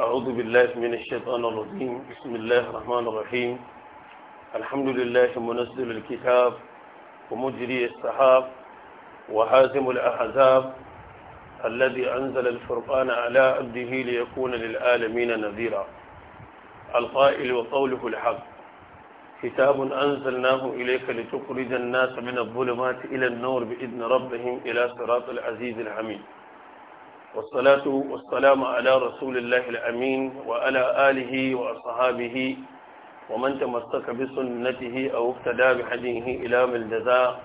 أعوذ بالله من الشيطان الرجيم بسم الله الرحمن الرحيم الحمد لله منزل الكتاب ومجري السحاب وحازم الأحزاب الذي أنزل الفرقان على عبده ليكون للآلمين نذيرا القائل وقوله الحق كتاب أنزلناه إليك لتخرج الناس من الظلمات إلى النور بإذن ربهم إلى صراط العزيز الحميد والصلاة والسلام على رسول الله الأمين وعلى آله وأصحابه ومن تمسك بسنته أو اقتدى بحديه إلى من الجزاء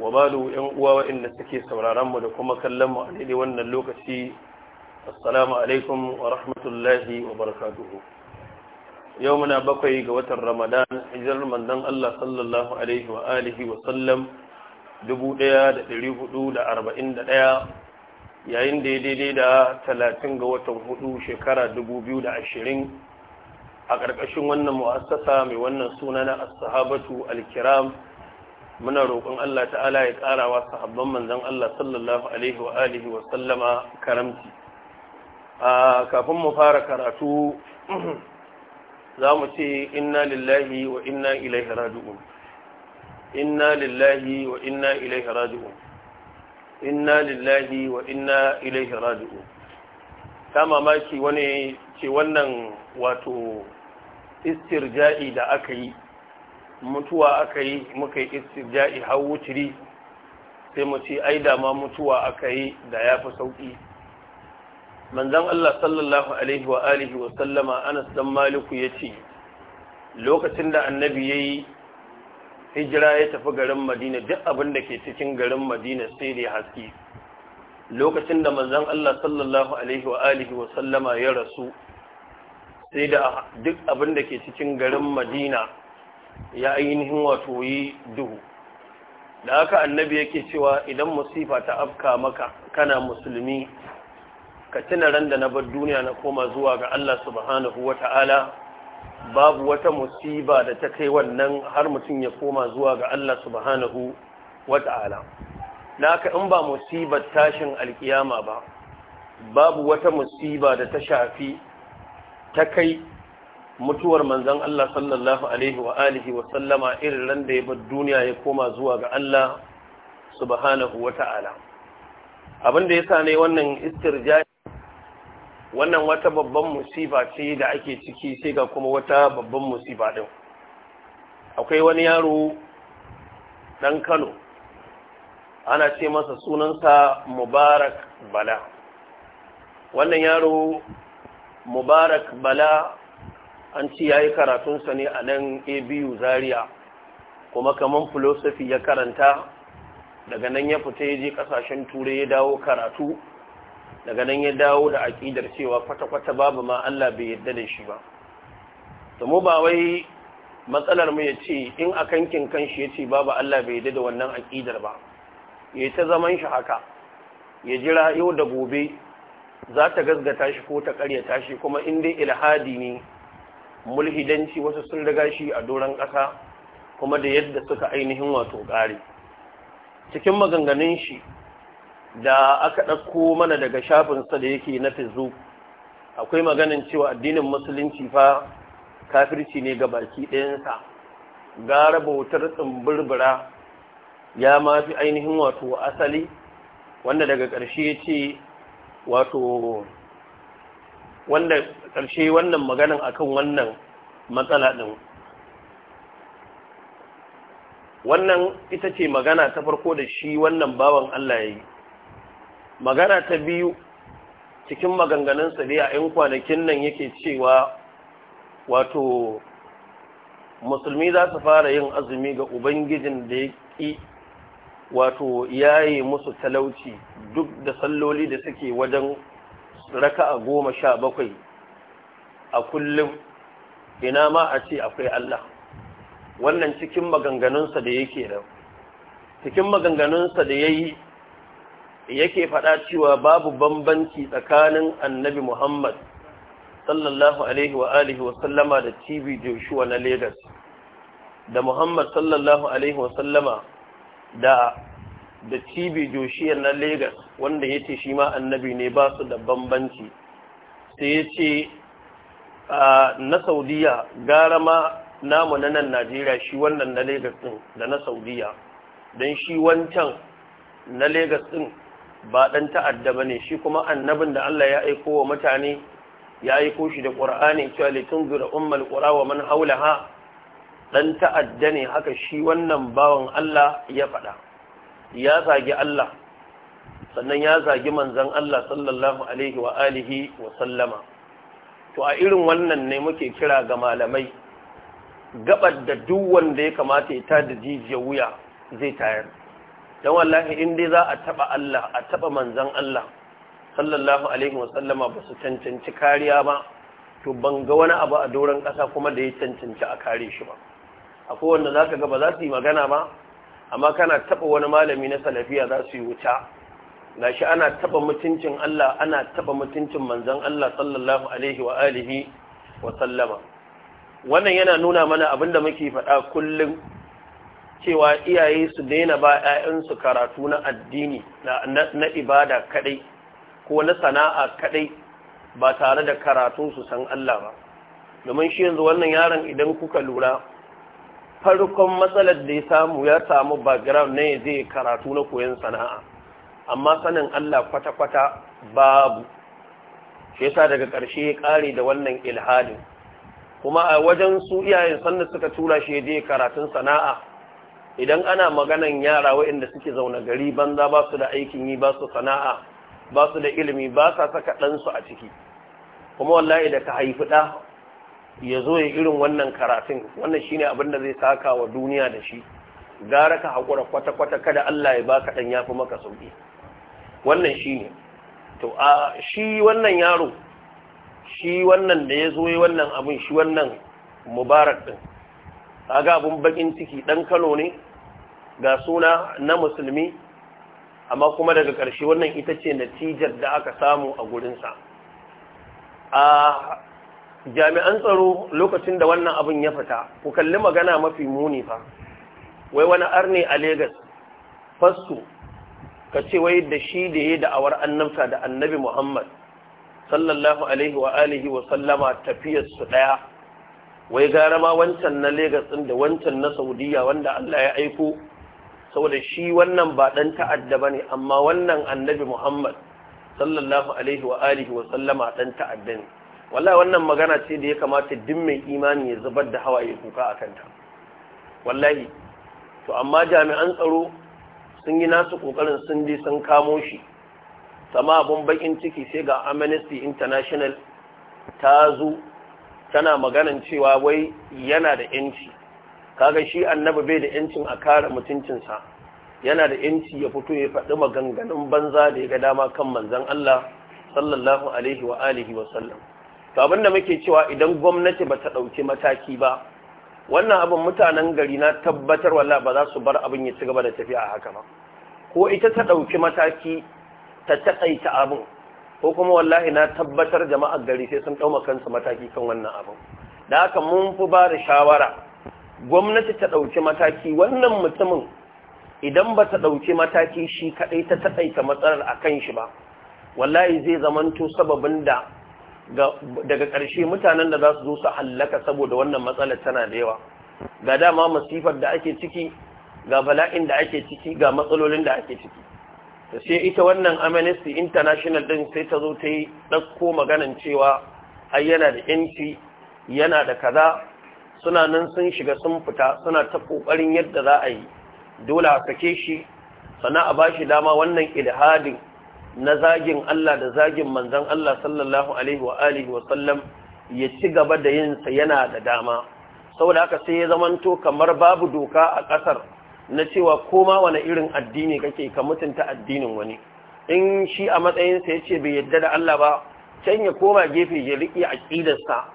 وبعد إن قوى إن سكي سورارم ولكم كلم عليه وأن اللوكسي السلام عليكم ورحمة الله وبركاته yau muna bakwai ga watan ramadan hijirar mandan Allah sallallahu alaihi wa alihi wa sallam 1441 yayin da ya daidai da 30 ga watan hudu shekara 2020 a ƙarƙashin wannan mu'assasa mai wannan suna na as-sahabatu al muna roƙon Allah ta'ala ya ƙarawa sahabban manzon Allah sallallahu alaihi wa alihi wa sallama karamci kafin mu fara karatu za mu ce inna lillahi wa inna ilaihi raji'un inna lillahi wa inna ilaihi raji'un inna lillahi wa inna ilaihi raji'un ta mamaki wani ce wannan wato istirja'i da aka yi mutuwa aka yi muka yi istirja'i har wuciri sai mu ce ai da ma mutuwa aka yi da ya fi sauƙi manzon Allah sallallahu alaihi wa alihi wa sallama Anas dan Maliku yace lokacin da annabi yayi hijira ya tafi garin Madina duk abin da ke cikin garin Madina sai da haske lokacin da manzon Allah sallallahu alaihi wa alihi wa sallama ya rasu sai da duk abin da ke cikin garin Madina ya ainihin wato yi duhu da haka annabi yake cewa idan musifa ta afka maka kana musulmi ka tuna ran da na bar duniya na koma zuwa ga Allah subhanahu wata'ala babu wata musiba da ta kai wannan har mutum ya koma zuwa ga Allah subhanahu wata'ala naka in ba musibar tashin alkiyama ba babu wata musiba da ta shafi ta kai mutuwar manzon Allah sallallahu alaihi wa alihi wa sallama irin ran da ya bar duniya ya koma zuwa ga Allah subhanahu wata'ala abin da ya sa ne wannan istirja wannan wata babban musifa ce da ake ciki sai ga kuma wata babban musiba ɗin akwai wani yaro ɗan kano ana ce masa sunansa mubarak bala wannan yaro mubarak bala an ci ya yi karatunsa ne a nan abu zaria kuma kamar filosofi ya karanta daga nan ya fita ya je kasashen turai ya dawo karatu daga nan ya dawo da aƙidar cewa kwata-kwata babu ma Allah bai yadda da shi ba to mu ba wai matsalar mu ya ce in a kankin shi ya ce babu Allah bai yadda da wannan aƙidar ba ya ta zaman shi haka ya jira yau da gobe za ta gazgata shi ko ta karyata shi kuma in dai ilhadi ne mulhidanci wasu sun riga shi a doron ƙasa kuma da yadda suka ainihin wato ƙare cikin maganganun shi da aka ɗauko mana daga shafinsa da yake na fizu akwai maganin cewa addinin musulunci fa kafirci ne ga baki ɗayansa gara bautar tsumburbura ya mafi ainihin wato asali wanda daga ƙarshe ce wato wanda ƙarshe wannan maganin akan wannan matsala ɗin wannan ita ce magana ta farko da shi wannan bawan Allah ya yi magana ta biyu cikin maganganunsa dai a 'yan kwanakin nan yake cewa wato musulmi za su fara yin azumi ga ubangijin da ya ƙi wato yayi musu talauci duk da salloli da suke wajen raka a goma sha bakwai a kullum ina ma a ce akwai Allah wannan cikin maganganunsa da yake da cikin maganganunsa da ya yi yake faɗa cewa babu bambanci tsakanin annabi Muhammad sallallahu alaihi wa alihi wa sallama da TV Joshua na Lagos da Muhammad sallallahu alaihi wa sallama da da TV Joshua na Lagos wanda yace shi ma annabi ne ba su da bambanci sai yace na Saudiya gara ma namu na nan Najeriya shi wannan na Lagos din da na Saudiya dan shi wancan na Lagos ɗin. ba ɗan ta'adda ba ne shi kuma annabin da Allah ya aiko wa mutane ya aiko shi da ƙura'ani cewa litun zura umar ƙura wa man haulaha ɗan ta'adda ne haka shi wannan bawan Allah ya faɗa ya zagi Allah sannan ya zagi manzan Allah sallallahu alaihi wa alihi wa sallama to a irin wannan ne muke kira ga malamai gabar da duk wanda ya kamata ya tada jijiya wuya zai tayar dan wallahi in dai za a taba Allah a taba manzon Allah sallallahu alaihi wasallama ba su cancanci kariya ba to ban ga wani abu a doron kasa kuma da ya cancanci a kare shi ba akwai wanda zaka ga ba za su yi magana ba amma kana taba wani malami na salafiya za su yi wuta gashi ana taba mutuncin Allah ana taba mutuncin manzon Allah sallallahu alaihi wa alihi wa wannan yana nuna mana abinda muke faɗa kullum cewa iyaye su daina ba 'ya'yansu karatu na addini na ibada kaɗai, ko na sana'a kaɗai, ba tare da karatu su san Allah ba domin shi yanzu wannan yaron idan kuka lura farkon matsalar da ya samu ya samu background ne zai karatu na koyon sana'a amma sanin Allah kwata-kwata babu shi yasa daga ƙarshe ya ƙare da wannan ilhadin kuma a wajen su iyayen sanda suka tura shi ya je karatun sana'a idan ana maganan yara waɗanda suke zaune gari banza ba su da aikin yi ba su sana'a ba su da ilimi ba sa saka ɗansu a ciki kuma wallahi da ka haifi ɗa ya zo ya irin wannan karatun wannan shi abin da zai saka wa duniya da shi gara ka haƙura kwata-kwata kada Allah ya baka ɗan ya fi maka sauƙi wannan shi ne. to a shi wannan yaro shi wannan da ya zo yi wannan abin shi wannan mubarak ɗin kaga abin bakin ciki ɗan kano ne ga suna na musulmi amma kuma daga ƙarshe wannan ita ce natijar da aka samu a gurinsa a jami'an tsaro lokacin da wannan abin ya fita ku kalli magana mafi muni fa wai wani arne a Legas fasto ka ce wai da shi da ya da'awar annabta da annabi muhammad sallallahu alaihi wa alihi wa sallama tafiyarsu ɗaya wai gara ma wancan na Legas ɗin da wancan na saudiya wanda allah ya aiko saboda shi wannan ba dan ta'adda bane amma wannan annabi Muhammad sallallahu alaihi wa alihi wa sallama dan ta'adda ne wallahi wannan magana ce da ya kamata duk mai imani ya zubar da hawaye kuka akan ta wallahi to amma jami'an tsaro sun yi nasu kokarin sun je sun kamo shi sama abun bakin ciki sai ga Amnesty International ta zo tana maganan cewa wai yana da yanci kaga shi annabi bai da yancin a kare mutuncinsa yana da yanci ya fito ya faɗi maganganun banza da ya ga dama kan manzan Allah sallallahu alaihi wa alihi wa sallam to abinda muke cewa idan gwamnati ba ta ɗauki mataki ba wannan abin mutanen gari na tabbatar wallahi ba za su bar abin ya ci gaba da tafiya a haka ba ko ita ta ɗauki mataki ta taƙaita abin ko kuma wallahi na tabbatar jama'ar gari sai sun ɗauma kansu mataki kan wannan abin da haka mun fi ba da shawara gwamnati ta ɗauki mataki wannan mutumin idan ba ta ɗauki mataki shi kaɗai ta taɗaita matsalar a kan shi ba wallahi zai zamanto sababin da daga ƙarshe mutanen da za su zo su hallaka saboda wannan matsalar tana da yawa ga dama masifar da ake ciki ga bala'in da ake ciki ga matsalolin da ake ciki ta sai ita wannan amnesty international ɗin sai ta zo ta yi ɗauko maganan cewa ai yana da yanci yana da kaza suna nan sun shiga sun fita suna ta ƙoƙarin yadda za a yi dole a sake shi sana a bashi dama wannan ilhadi na zagin Allah da zagin manzon Allah sallallahu alaihi wa alihi ya ci gaba da yinsa yana da dama saboda haka sai ya zamanto kamar babu doka a ƙasar na cewa koma wani irin addini kake ka mutunta addinin wani in shi a matsayinsa ya ce bai yadda da Allah ba can ya koma gefe ya riƙe aƙidarsa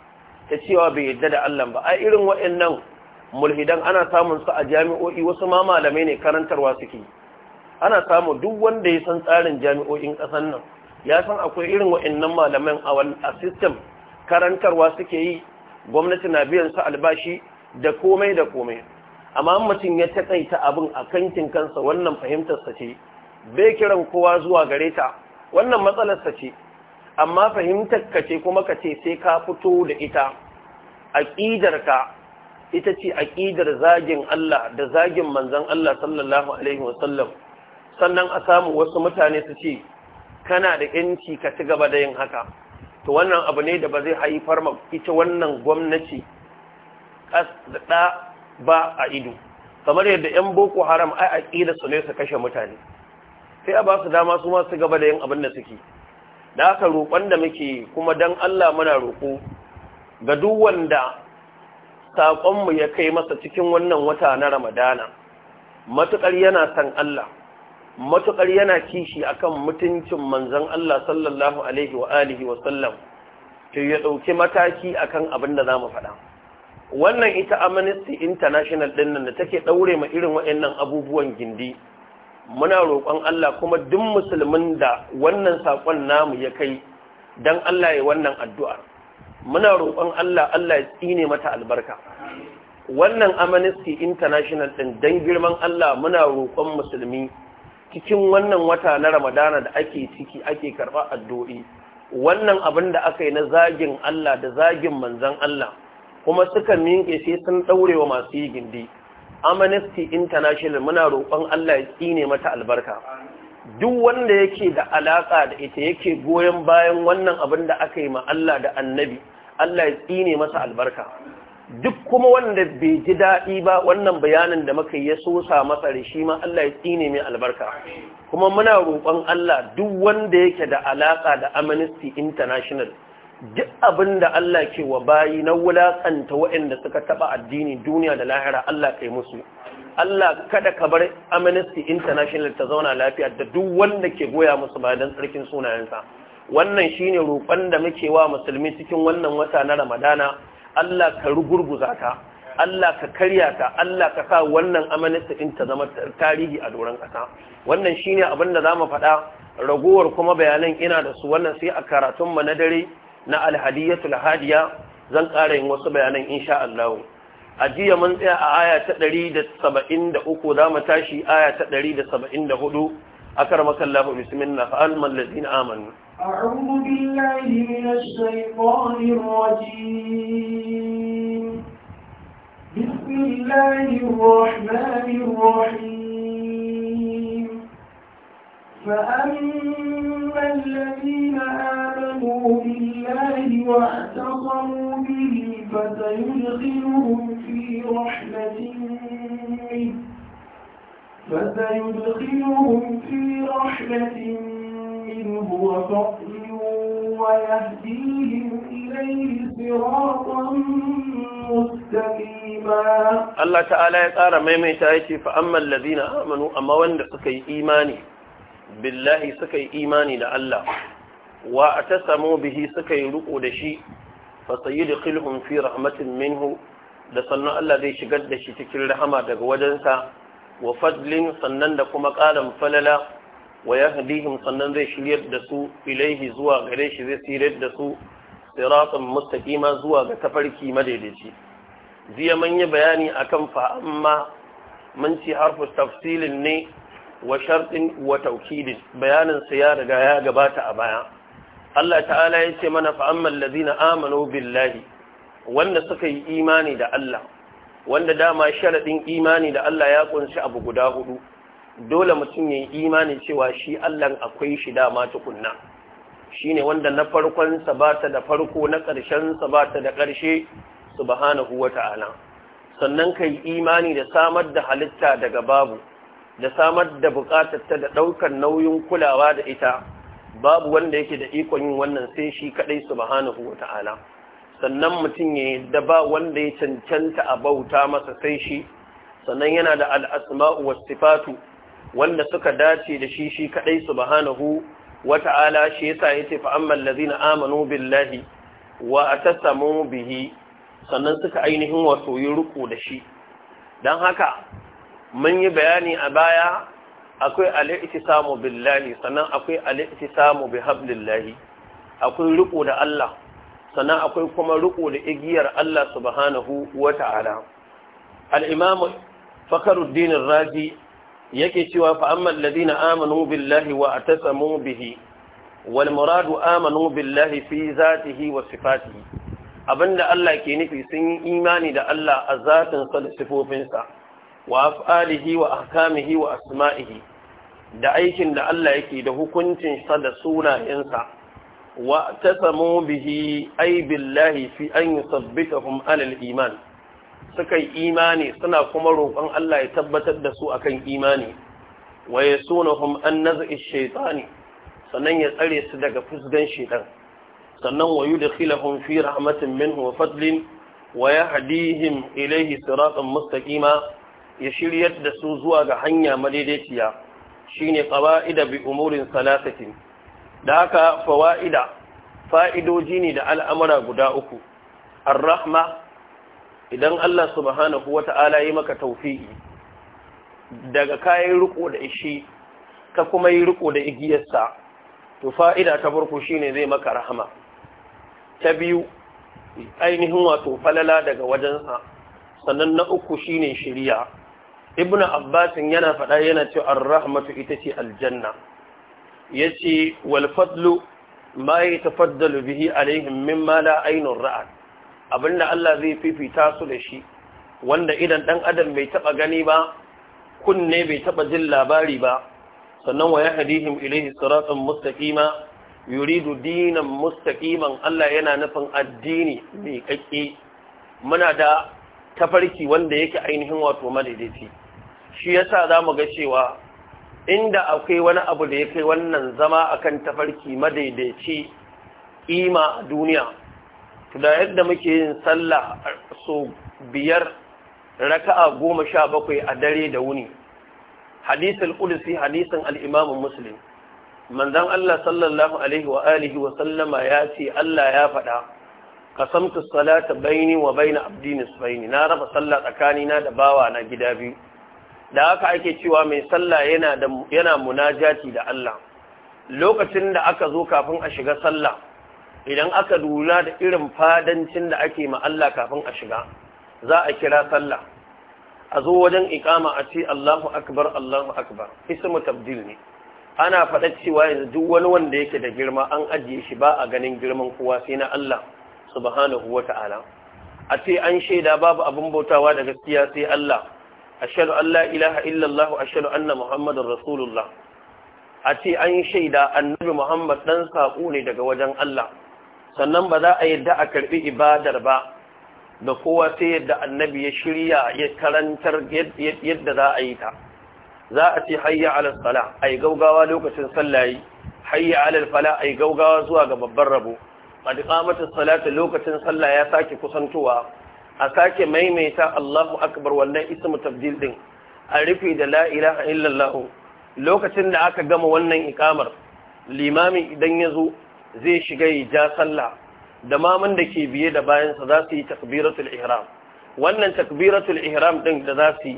ta cewa bai yadda da Allah ba a irin waɗannan mulhidan ana samun su a jami'o'i wasu ma malamai ne karantarwa suke ana samu duk wanda ya san tsarin jami'o'in ƙasar nan ya san akwai irin waɗannan malaman a system karantarwa suke yi gwamnati na biyan su albashi da komai da komai amma mutum ya taƙaita abin a kankin kansa wannan fahimtarsa ce bai kiran kowa zuwa gare ta wannan matsalarsa ce amma fahimtar ka ce kuma ka ce sai ka fito da ita aƙidarka ita ce aƙidar zagin Allah da zagin manzan Allah sallallahu Alaihi wasallam sannan a samu wasu mutane su ce kana da ‘yanci ka ci gaba da yin haka to wannan abu ne da ba zai haifar ma ita wannan gwamnati ɗa ba a ido kamar yadda ‘yan boko haram ai aƙida su ne su kashe mutane sai a ba su dama su ma su gaba da yin abin da suke da aka roƙon da muke kuma don Allah muna roƙo ga duk wanda saƙonmu ya kai masa cikin wannan wata na ramadana matuƙar yana san Allah matuƙar yana kishi akan mutuncin manzan Allah sallallahu alaihi wa alihi wa to ya ɗauki mataki a kan abin da za mu faɗa wannan ita Amnesty International ɗin nan da take ɗaure ma irin waɗannan abubuwan gindi muna roƙon Allah kuma duk musulmin da wannan saƙon namu ya kai don Allah ya wannan addu'ar. muna roƙon Allah Allah ya tsine mata albarka wannan amnesty international din dan girman Allah muna roƙon musulmi cikin wannan wata na ramadana da ake ciki ake karɓa addu'o'i wannan abin da aka yi na zagin Allah da zagin Manzon Allah kuma suka minke sai sun daure wa masu yi gindi amnesty international muna roƙon Allah ya tsine mata albarka duk wanda yake da alaƙa da ita yake goyon bayan wannan abin da aka yi ma Allah da annabi Allah ya tsine masa albarka duk kuma wanda bai ji daɗi ba wannan bayanin da muka yi ya sosa masa shi ma Allah ya tsine mai albarka kuma muna roƙon Allah duk wanda yake da alaƙa da Amnesty International duk abin da Allah ke wa bayi na wulaƙanta waɗanda suka taɓa addini duniya da lahira Allah kai musu Allah kada ka bar Amnesty International ta zauna lafiya da duk wanda ke goya musu dan tsarkin sunayensa wannan shine roƙon da muke wa musulmi cikin wannan wata na Ramadana Allah ka rugurguza ta Allah ka karya ta Allah ka sa wannan Amnesty din ta zama tarihi a doron ƙasa wannan shine abin da zamu faɗa ragowar kuma bayanan ina da su wannan sai a karatun mu na dare na alhadiyatul hadiya zan ƙara yin wasu bayanan insha Allah a jiya mun tsaya a aya ta 173 za mu tashi aya ta 174 akar makallahu bismillah fa alman ladina amanu أعوذ بالله من الشيطان الرجيم بسم الله الرحمن الرحيم فأما الذين آمنوا بالله واعتصموا به فسيدخلهم في رحمة منه فسيدخلهم في رحمة منه وفضل ويهديهم إليه صراطا مستقيما الله تعالى يقال ميميتا آية، يتي فأما الذين آمنوا أما وندقك إيماني billahi suka yi imani da Allah wa atasamu bihi suka yi riko da shi fa sayudkhiluhum fi rahmatin minhu da sannan Allah zai shigar da shi cikin rahama daga wajensa wa fadlin sannan da kuma ƙarin falala wa yahdihim sannan zai shiryar da su ilaihi zuwa gare shi zai sirar da su siratan mustaƙima zuwa ga tafarki madaidaici jiya mun yi bayani akan fa amma mun ci harfu tafsilin ne wa shartin wa tawkidin bayanin sa ya riga ya gabata a baya Allah ta'ala ya ce mana fa amman ladina amanu billahi wanda suka yi imani da Allah wanda dama sharadin imani da Allah ya kunshi abu guda hudu dole mutum ya yi imani cewa shi Allah akwai shi dama tukunna shine wanda na farkon sa bata da farko na karshen sa bata da ƙarshe subhanahu Ta'ala, sannan kai imani da samar da halitta daga babu da samar da buƙatar ta da ɗaukar nauyin kulawa da ita babu wanda yake da ikon yin wannan sai shi kaɗai subhanahu wa ta'ala sannan mutum ya da ba wanda ya cancanta a bauta masa sai shi sannan yana da al'asma'u wa sifatu wanda suka dace da shi shi kaɗai subhanahu wata'ala ta'ala shi yasa ya ce fa'amman lazina amanu billahi wa bihi sannan suka ainihin wato yi riko da shi don haka mun yi bayani a baya akwai al'itisamu billahi sannan akwai al'itisamu bi hablillahi akwai riko da Allah sannan akwai kuma riko da igiyar Allah subhanahu wata'ala al-imam Fakhruddin Razi yake cewa fa amma alladhina amanu billahi wa atasamu bihi wal muradu amanu billahi fi zatihi wa sifatihi abinda Allah ke nufi sun yi imani da Allah a zatinsa da sifofinsa wa af'alihi wa ahkamihi wa asma'ihi da aikin da Allah yake da hukuncin sa da sunayensa wa tasamu bihi ay billahi fi an yusabbitahum ala al-iman suka yi imani suna kuma roƙon Allah ya tabbatar da su akan imani wa yasunahum an naz'i shaytani sannan ya tsare su daga fusgan shaytan sannan wa yudkhilahum fi rahmatin minhu wa fadlin wa yahdihim ilayhi siratan mustaqima ya shiryar da su zuwa ga hanya madaidaiciya shine qawaida bi umurin salasatin da haka fawaida fa'idoji ne da al'amura guda uku ar-rahma idan Allah subhanahu wata'ala yi maka tawfi'i daga kayan riko da ishi ka kuma yi riko da igiyarsa to fa'ida ta farko shine zai maka rahama ta biyu ainihin wato falala daga wajensa sannan na uku shine shiriya ibnu abbasin yana faɗa yana cewa ar-rahmatu ita ce aljanna yace wal fadlu ma yatafaddalu bihi alaihim mimma la aynur ra'at abinda Allah zai fifita su da shi wanda idan ɗan adam bai taba gani ba kunne bai taɓa jin labari ba sannan wa hadihim ilaihi siratan mustaqima yuridu dinan mustaqiman Allah yana nufin addini mai kakke muna da tafarki wanda yake ainihin wato madaidaici shi ya sa za mu ga cewa inda akwai wani abu da ya kai wannan zama a kan tafarki madaidaici ima a duniya da yadda muke yin sallah so biyar raka'a goma sha bakwai a dare da wuni hadisul qudsi hadisin al-imam muslim manzon Allah sallallahu alaihi wa alihi wa sallama ya ce Allah ya faɗa qasamtu salata baini wa baina abdi nisfaini na raba sallah tsakanina da bawa na gida biyu da haka ake cewa mai sallah yana da yana munajati da Allah lokacin da aka zo kafin a shiga sallah idan aka lura da irin fadancin da ake ma Allah kafin a shiga za a kira sallah a zo wajen ikama a ce Allahu akbar Allahu akbar ismu tabdil ne ana faɗa cewa yanzu duk wani wanda yake da girma an ajiye shi ba a ganin girman kowa sai na Allah subhanahu wata'ala a ce an shaida babu abin bautawa da gaskiya sai Allah ashhadu an la ilaha illallah wa ashhadu anna muhammadar rasulullah a ce an shaida annabi muhammad dan saƙo ne daga wajen Allah sannan ba za a yadda a karɓi ibadar ba da kowa sai yadda annabi ya shirya ya karantar yadda za a yi ta za a ce hayya alal sala ai gaugawa lokacin sallayi hayya alal fala ai gaugawa zuwa ga babban rabo qad qamatus salatu lokacin sallah ya sake kusantowa a sake maimaita Allahu akbar wannan ismu tabdil din a rufe da la ilaha illallah lokacin da aka gama wannan ikamar limami idan ya zo zai shiga ya ja sallah da mamun da ke biye da bayansa za su yi takbiratul ihram wannan takbiratul ihram din da za su yi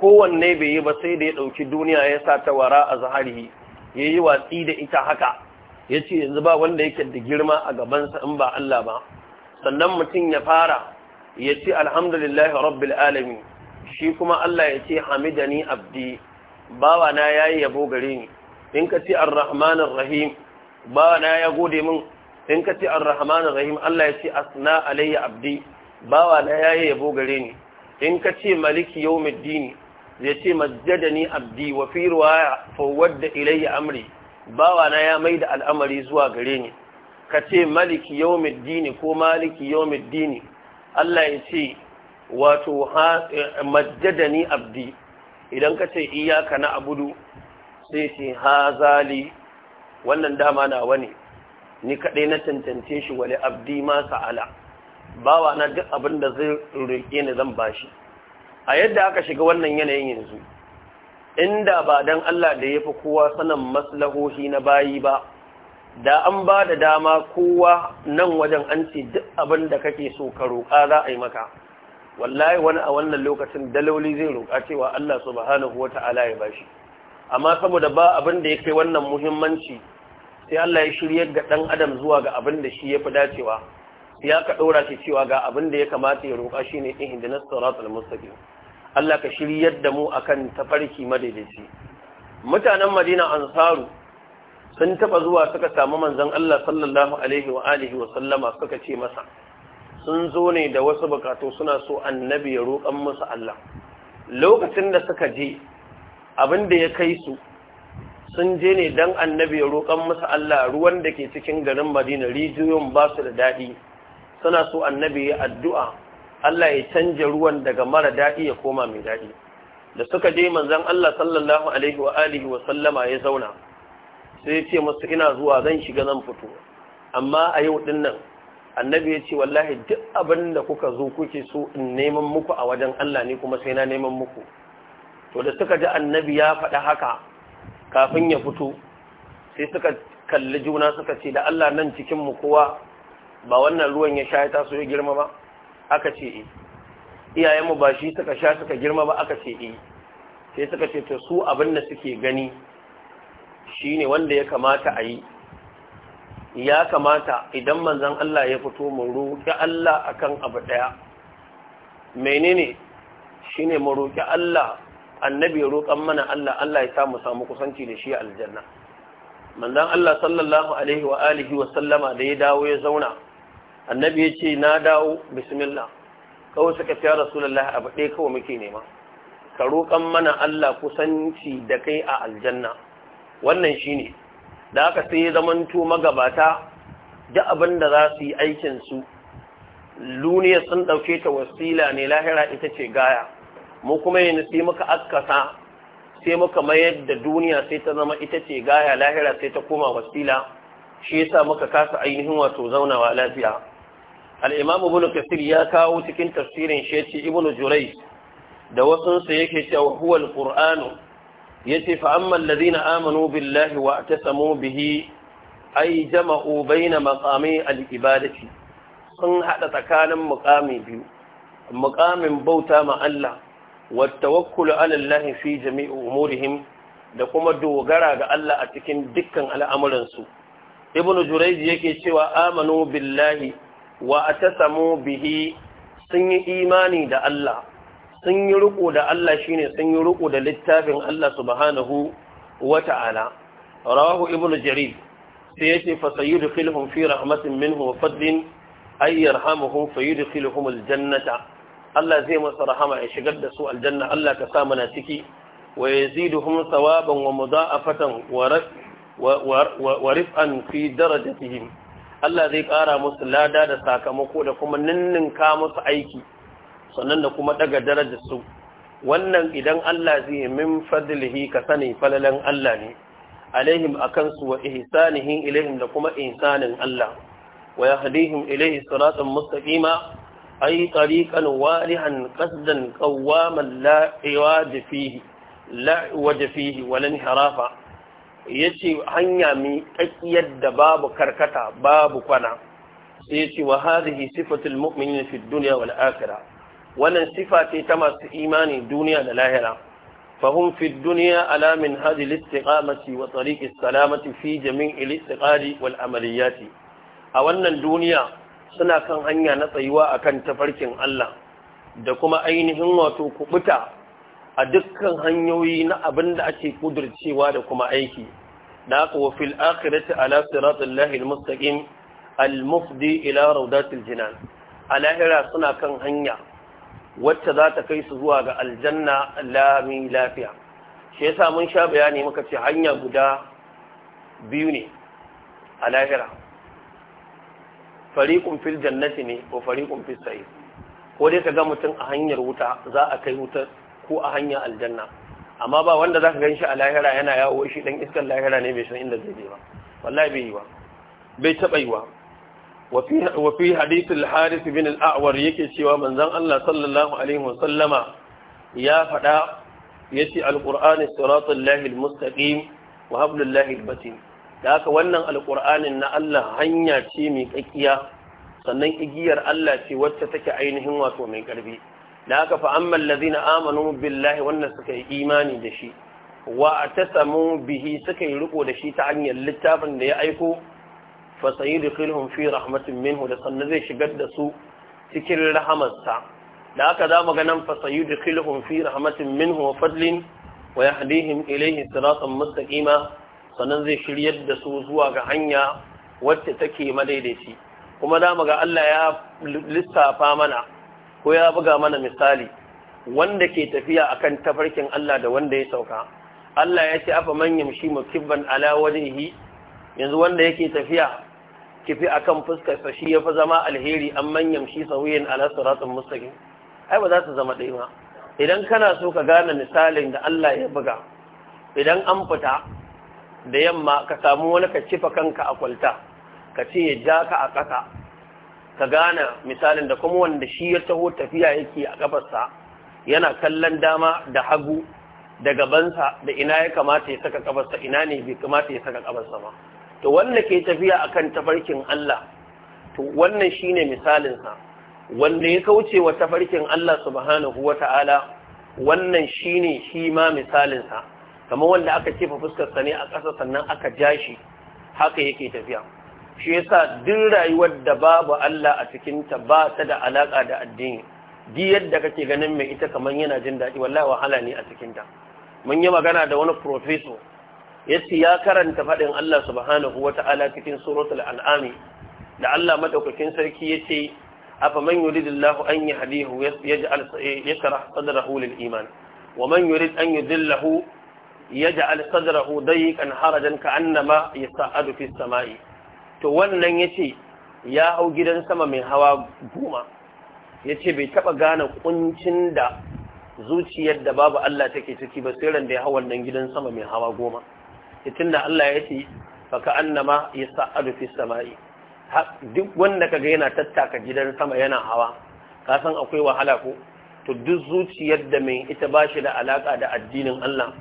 kowanne bai yi ba sai da ya ɗauki duniya ya sa ta wara a zahari ya yi watsi da ita haka ya ce yanzu ba wanda yake da girma a gabansa in ba Allah ba sannan mutum ya fara ya ce alhamdulillahi rabbil alamin shi kuma Allah ya ce hamidani abdi bawa na yayi yabo gare ni in ka ce arrahmanir rahim bawa na ya gode min in ka ce arrahmanir rahim Allah ya ce asna alayya abdi bawa na yayi yabo gare ni in ka ce maliki yawmiddin ya ce majjadani abdi wa fi riwaya fawadda ilayya amri bawa na ya maida al'amari zuwa gare ni ka ce maliki yawmiddin ko maliki yawmiddin Allah ya ce wato eh, majjadani abdi idan ka ce iyaka na abudu sai ce hazali wannan dama na wani ni kaɗai na tantance shi wale abdi ma sa'ala bawa na duk abin da zai roƙe ni zan bashi a yadda aka shiga wannan yanayin yanzu inda ba don Allah da ya fi kowa sanin maslahohi na bayi ba da an ba da dama kowa nan wajen an ce duk abin da kake so ka roƙa za a yi maka wallahi wani a wannan lokacin daloli zai roƙa cewa Allah subhanahu wata'ala ya bashi amma saboda ba abin da yake wannan muhimmanci sai Allah ya shirya ga dan adam zuwa ga abin da shi yafi dacewa sai ka ɗora shi cewa ga abin da ya kamata ya roƙa shine ihdinas siratal mustaqim Allah ka shiryar da mu akan tafarki madaidaici mutanen Madina Ansaru sun taɓa zuwa suka samu manzan Allah sallallahu alaihi wa alihi wa sallama suka ce masa sun zo ne da wasu bukatu suna so annabi ya roƙon musu Allah lokacin da suka je abin da ya kai su sun je ne dan annabi ya roƙon musu Allah ruwan da ke cikin garin Madina rijiyoyin ba su da daɗi suna so annabi ya addu'a Allah ya canja ruwan daga mara daɗi ya koma mai daɗi da suka je manzan Allah sallallahu alaihi wa alihi wa sallama ya zauna sai ce masu ina zuwa zan shiga zan fito amma a yau din nan annabi ya ce wallahi duk abin da kuka zo kuke so in neman muku a wajen Allah ne kuma sai na neman muku to da suka ji annabi ya faɗa haka kafin ya fito sai suka kalli juna suka ce da Allah nan cikin mu kowa ba wannan ruwan ya sha ta so ya girma ba aka ce eh iyayenmu ba shi suka sha suka girma ba aka ce eh sai suka ce to su abin da suke gani Shi ne wanda ya kamata a yi ya kamata idan manzan Allah ya fito mu roƙi Allah kan abu ɗaya menene ne mu roƙi Allah annabi ya roƙan mana Allah Allah ya samu samu kusanci da shi a aljanna manzan Allah sallallahu alaihi wa alihi wa sallama da ya dawo ya zauna annabi ya ce na dawo bismillah kawai suka fiya rasulallah abu ɗaya kawai muke nema ka roƙon mana Allah kusanci da kai a aljanna wannan shi ne. da aka sai zamanto magabata da abin da za su yi aikinsu. su sun ɗauke ta wasila ne lahira ita ce gaya mu kuma yanzu sai muka askasa sai muka mayar da duniya sai ta zama ita ce gaya lahira sai ta koma wasila shi yasa muka kasa ainihin wato zaunawa lafiya al-imam ibn kasir ya kawo cikin tafsirin shi ya ce ibn jurais da wasu ya yake cewa huwa yace fa amma alladhina amanu billahi wa atasamu bihi ay jama'u baina maqami al-ibadati sun hada tsakanin muqami biyu muqamin bauta ma Allah wa tawakkul ala Allah fi jami'i umurihim da kuma dogara ga Allah a cikin dukkan al'amuransu. Ibn Jurayj yake cewa amanu billahi wa atasamu bihi sun yi imani da Allah sun yi riko da Allah shine sun yi riko da littafin Allah subhanahu wata'ala rawahu ibnu jarir sai yace fa sayudkhiluhum fi rahmatin minhu wa fadlin ay yarhamuhum fayudkhiluhum aljannata Allah zai masa rahama ya shigar da su aljanna Allah ka sa mana ciki wa yaziduhum thawaban wa mudha'afatan wa wa rif'an fi darajatihim Allah zai ƙara musu lada da sakamako da kuma ninninka musu aiki sannan da kuma daga darajar su wannan idan Allah zai min fadlihi ka sani falalan Allah ne alaihim akan su wa ihsanihi ilaihim da kuma isanin Allah wa yahdihim ilaihi siratan mustaqima ay tariqan walihan qasdan qawaman la iwada fihi la iwada fihi wa lan harafa yace hanya mi kakkiyar da babu karkata babu kwana sai yace wa hadhihi sifatul mu'minin fid dunya wal akhirah wannan sifa ce ta masu imani duniya da lahira fahim fi duniya alamin hadi listiqamati wa tariqis salamati fi jami'il istiqadi wal amaliyati a wannan duniya suna kan hanya na tsayuwa akan tafarkin Allah da kuma ainihin wato kubuta a dukkan hanyoyi na abin da ake kudurcewa da kuma aiki da aka wa fil akhirati ala lahi lahil mustaqim al mufdi ila rawdatil jinan a lahira suna kan hanya wacce za ta kai su zuwa ga aljanna lami lafiya shi yasa mun sha bayani maka ce hanya guda biyu ne a lahira Farikun fil jannati ne ko fariqun fil sa'i ko dai ka ga mutum a hanyar wuta za a kai wuta ko a hanyar aljanna amma ba wanda zaka gan shi a lahira yana yawo shi dan iskan lahira ne bai san inda zai je ba wallahi bai yi ba bai taba yi ba wafi hadithul haris bin al'awar yake cewa manzan Allah sallallahu Alaihi wasallama ya faɗa ya ce al'ur'anin suratun lahil mustaƙim wa hablun lahil da haka wannan Alƙur'ani na Allah hanya ce mai ƙaƙiya sannan igiyar Allah ce wacce take ainihin wato mai ƙarfi da haka fa'amman lazina amanu billahi wannan suka yi imani da shi wa a ta samu bihi suka yi riko da shi ta hanyar littafin da ya aiko fa sayudkhiluhum fi rahmatin minhu da sannu zai shigar da su cikin rahamarsa da haka za mu ga nan fa fi rahmatin minhu wa fadlin wa yahdihim ilayhi siratan mustaqima sannan zai shiryar da su zuwa ga hanya wacce take madaidaici kuma za mu ga Allah ya lissafa mana ko ya buga mana misali wanda ke tafiya akan tafarkin Allah da wanda ya sauka Allah ya ce afa man yamshi mukibban ala wajhihi yanzu wanda yake tafiya kifi akan fuskar sa shi fi zama alheri an manyan shi sauyin alasiratun siratul ai ba za su zama ɗaya ba idan kana so ka gane misalin da Allah ya buga idan an fita da yamma ka samu wani ka cifa kanka a kwalta ka ce ya ja ka a ƙasa ka gane misalin da kuma wanda shi ya taho tafiya yake a ƙafarsa yana kallon dama da hagu da gabansa da ina ya kamata ya saka ƙafarsa ina ne bai kamata ya saka ƙafarsa ba to wanda ke tafiya akan tafarkin Allah to wannan shine misalin sa wanda ya kauce wa tafarkin Allah subhanahu Ta'ala, wannan shine shi ma misalin sa kamar wanda aka kifa fuskar sa a ƙasa sannan aka ja shi haka yake tafiya shi yasa duk rayuwar da babu Allah a cikin ta ba ta da alaka da addini di yadda kake ganin mai ita kamar yana jin daɗi wallahi wahala ne a cikin ta mun yi magana da wani professor yace ya karanta fadin Allah subhanahu wata'ala cikin suratul an'am da Allah madaukakin sarki yace afa man yuridillahu an yahdihu yaj'al yashrah sadrahu lil iman wa man yurid an yudillahu yaj'al sadrahu dayiqan harajan ka'annama yas'adu fis sama'i to wannan yace ya hau gidan sama mai hawa goma yace bai taba gane kuncin da zuciyar da babu Allah take ciki ba sai ran da ya hau wannan gidan sama mai hawa goma tun da Allah ya ce ka annama ya fi sama'i duk wanda kaga yana tattaka gidan sama yana hawa ka san akwai wahala ko to duk zuciyar da mai ita ba shi da alaka da addinin Allah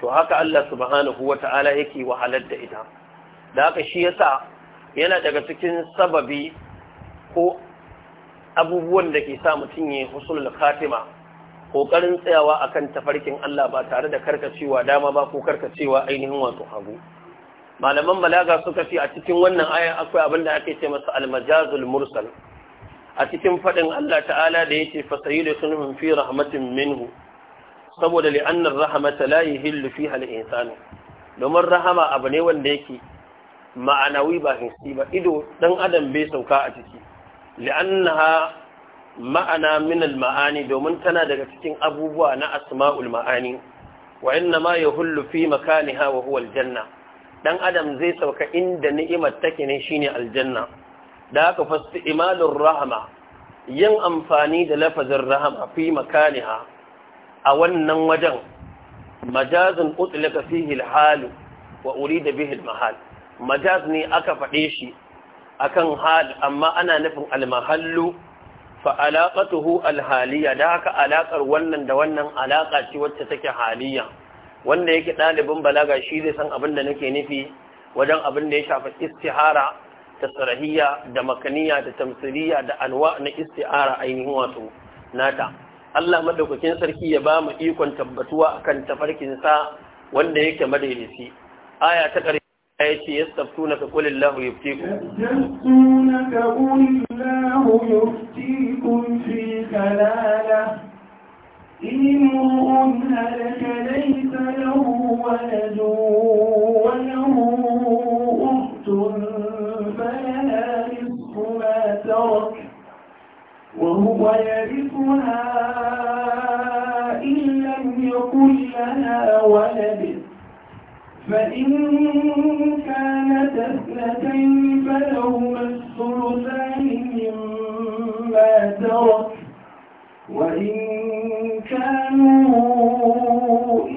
to haka Allah subhanahu wata'ala yake wahalar da ita da haka shi yasa yana daga cikin sababi ko abubuwan da ke sa mutum ya husnul khatima Kokarin tsayawa akan tafarkin Allah ba tare da karkacewa dama ba ko karkacewa ainihin wato hagu malaman balaga suka fi a cikin wannan aya akwai abin da ake ce masa almajazul mursal a cikin faɗin Allah ta'ala da yake da sun fi rahmatin minhu saboda li'annar rahmata la yuhillu fiha al-insan domin rahama abu ne wanda yake ma'anawi ba hissi ba ido dan adam bai sauka a ciki li'annaha ma'ana min maani domin tana daga cikin abubuwa na asma'ul ma'ani wa inna ma yahullu fi makaniha wa huwa al dan adam zai sauka inda ni'imar take ne shine aljanna da haka fastimalur rahma yin amfani da lafazin rahama fi makaniha a wannan wajen Majazun utlaka fihi al-hal wa urida bihi al-mahal majaz ne aka fade shi akan hal amma ana nufin almahallu. fa'alaƙatuhu alaqatuhu alhaliya da haka alakar wannan da wannan alaƙa ce wacce take haliya wanda yake ɗalibin balaga shi zai san abin da nake nufi wajen abin da ya shafi istihara da sarahiyya da makaniya da tamsiriya da anwa na istihara ainihin wato nata Allah madaukakin sarki ya ba mu ikon tabbatuwa akan tafarkinsa wanda yake madaidaici aya ta أيتي يستفتونك قل الله يفتيكم يستفتونك قل الله يفتيكم في خلالة إن امرؤ هلك ليس له ولد وله أخت فلها نصف ما ترك وهو يرثها إن لم يكن لها ولد فإن كانت اثنتين فلهما الثلثان مما ترك وإن كانوا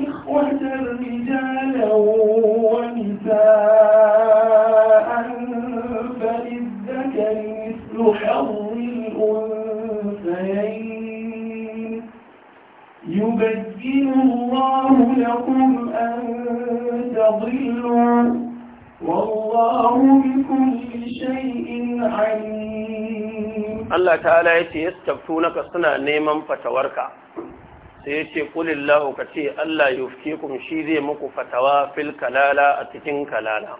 إخوة رجالا ونساء فللذكر مثل حظ الأنثيين يبدل يهدي الله لكم أن تضلوا والله بكل شيء عليم الله تعالى يستفتونك صنع نيمان فتوركا sai kuli Allahu ka ce Allah yufke kun shi zai muku fatawa fil kalala a cikin kalala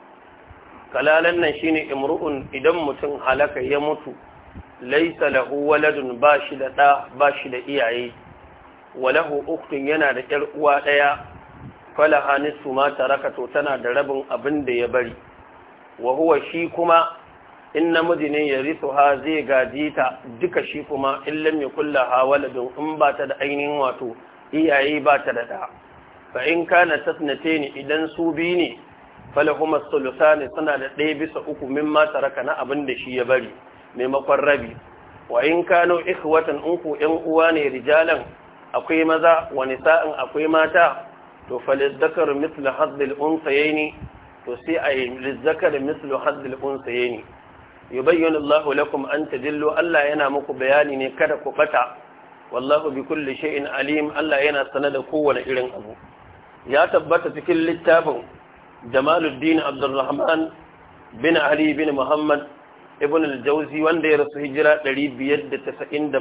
kalalan nan shine imru'un idan mutum halaka ya mutu laysa lahu waladun bashi da da bashi da iyaye walahu uktun yana da ƴar uwa ɗaya falaha nisfu ma taraka to tana da rabin abin da ya bari wa huwa shi kuma in namiji ne ya ha zai gaji ta duka shi kuma in lam yakullaha waladun in ba ta da ainihin wato iyaye ba ta da ɗa fa in kana tasnatayni idan su bi ne falahuma sulusani suna da ɗaya bisa uku mimma taraka na abin da shi ya bari maimakon rabi wa in kano ikhwatan in ƴan uwa ne rijalan akwai maza wani sa'in akwai mata to zakar mislu haddil unsayaini to sai a yi lizzakar mislu haddil unsayaini yubayyana Allahu lakum an tadillu Allah yana muku bayani ne kada ku bata wallahu bi kulli shay'in alim Allah yana sanar da kowane irin abu ya tabbata cikin littafin Jamaluddin Abdulrahman bin Ali bin Muhammad ibn al-Jawzi wanda ya rasu hijira 597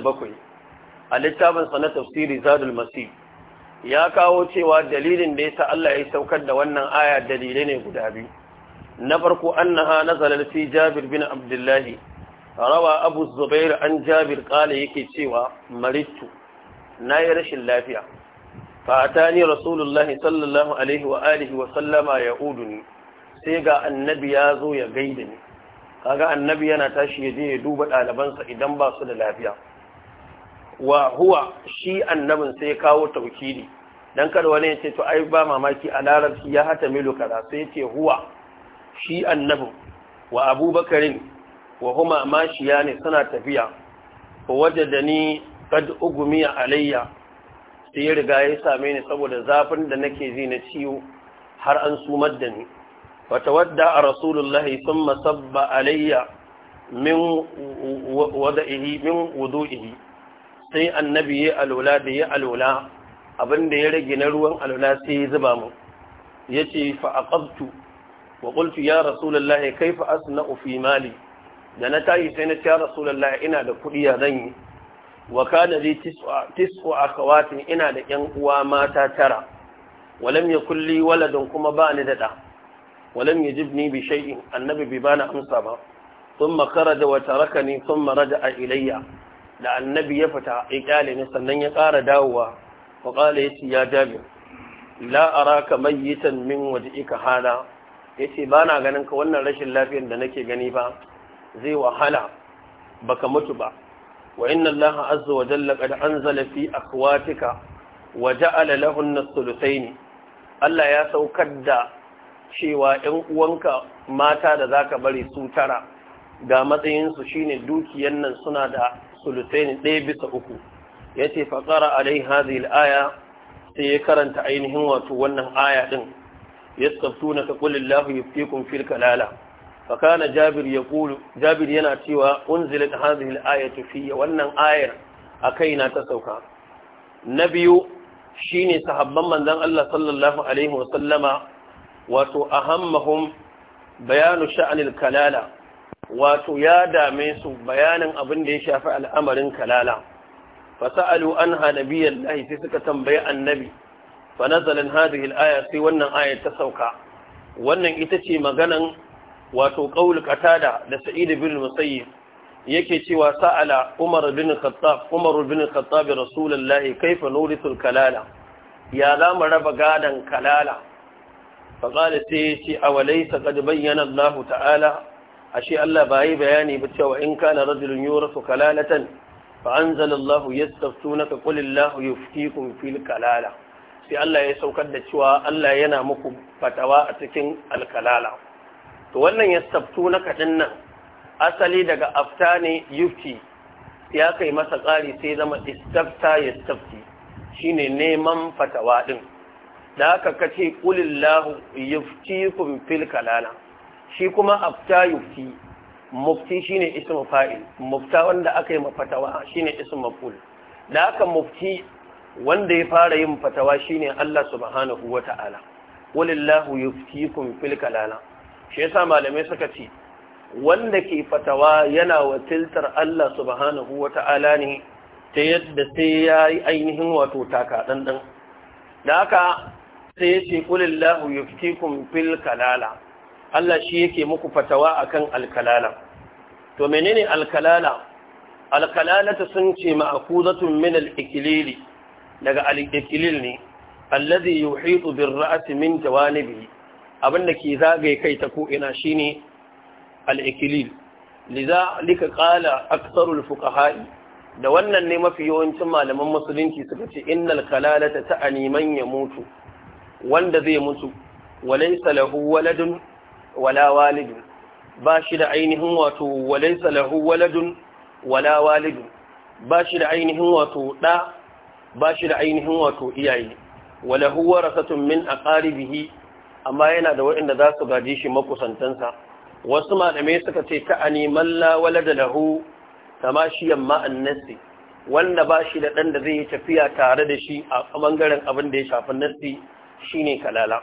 a littafinsa na tafsiri zadul masih ya kawo cewa dalilin da yasa Allah ya saukar da wannan aya dalilai ne guda biyu na farko annaha nazalat fi Jabir bin Abdullahi, rawa Abu Zubair an Jabir kale yake cewa maritu nayi rashin lafiya fa atani rasulullahi sallallahu alaihi wa alihi wa sallama yauduni sai ga annabi ya zo ya gaida ni kaga annabi yana tashi ya je ya duba ɗalibansa idan ba su da lafiya wa huwa shi annabin sai kawo Taukili, dan kada wani ya ce to ai ba mamaki a larabci ya hata milu kaza sai ya ce huwa shi annabin wa abubakarin wa huma mashiya ne suna tafiya waje da ni kad ugumiya alayya sai ya riga ya same ni saboda zafin da nake ji na ciwo har an sumar da ni wata wadda rasulullahi sun masabba alayya min wada'ihi min wudu'ihi sai annabi ya alula da ya alula abinda ya rage na ruwan alula sai ya zuba mu ya ce fa'aƙabtu wa ƙultu ya rasulallahi kai fa'as na ofi mali da na tayi sai na ce ya rasulallahi ina da kuɗi ya zan yi wa kana zai a kawatin ina da ‘yan uwa mata tara walam ya kulli waladin kuma ba ni daɗa walam ya jibni bi shai'in annabi bai bani amsa ba sun makara da wata rakani sun maraja a ilayya da annabi ya fita ya kyale ne sannan ya ƙara dawowa wa ƙala ya ya jami la ka mayyitan min waje waj'ika ya yace ba na ganin ka wannan rashin lafiyar da nake gani ba zai wahala Ba ka mutu ba wa inna laha azza wa jalla an zalafi a Waje wa ja'ala lahunna ne. Allah ya saukar da cewa 'yan uwanka mata da za ka bari su tara ga matsayinsu shi shine dukiyan nan suna da sulusaini ɗaya bisa uku ya ce faƙara alai hazil aya sai ya karanta ainihin wato wannan aya ɗin ya tsaftu na kaƙulin fi fikun fil kalala fakana jabir ya kulu jabir yana cewa unzilat hazil aya tafiya wannan ayar a kai na ta sauka na biyu shine sahabban manzon Allah sallallahu alaihi wasallama wato bayanu sha'anil kalala wato ya dame su bayanin abin da ya shafi al'amarin kalala fasa'alu an hanabiyan lahi sai suka tambayi annabi fa nazalin hadhihi sai wannan aya ta sauka wannan ita ce maganan wato qaul qatada da sa'id bin musayyib yake cewa sa'ala umar bin khattab umar bin khattab rasulullahi kaifa nurisul kalala ya za raba gadan kalala fa qala sai ce awalaysa qad bayyana Allah ta'ala ashe Allah ba yi bayani ba cewa in kana rajulun yurasu kalalatan fa anzalallahu yastaftunaka qul illahu yuftikum fil kalala sai Allah ya saukar da cewa Allah yana muku fatawa a cikin alkalala to wannan yastaftunaka dinnan asali daga afta ne yufti ya kai masa tsari sai zama istafta yastafti shine neman fatawa din da haka kace qul illahu yuftikum fil kalala shi kuma afta yufti mufti shine ismu fa'il mufta wanda aka yi fatawa shine ismu maf'ul da aka mufti wanda ya fara yin fatawa shine Allah subhanahu wata'ala walillahu yuftikum fil kalala shi yasa malamai suka ce wanda ke fatawa yana wakiltar Allah subhanahu wata'ala ne ta yadda sai ya yi ainihin wato taka dandan da haka sai ya ce kulillahu yuftikum fil kalala Allah shi yake muku fatawa akan alkalala to menene alkalala alkalalata sun ce ma'akuzatun min al-ikilili daga al-ikilil ne allazi yuhitu bir ra'si min jawanibi abinda ke zagaye kai ta ko ina shine al-ikilil lika qala aktharu al-fuqaha'i da wannan ne mafi yawancin malaman musulunci suka ce innal kalalata ta'ani man yamutu wanda zai mutu walaysa lahu waladun wala walidun ba shi da ainihin wato walaisa lahu waladun wala walidun ba shi da ainihin wato ɗa ba shi da ainihin wato iyaye wala huwa rasatun min a ƙaribihi amma yana da waɗanda za su gaji shi makusantansa wasu malamai suka ce a neman la walada lahu kama shi yamma annasi wanda ba shi da ɗan da zai yi tafiya tare da shi a ɓangaren abin da ya shafi nassi shine kalala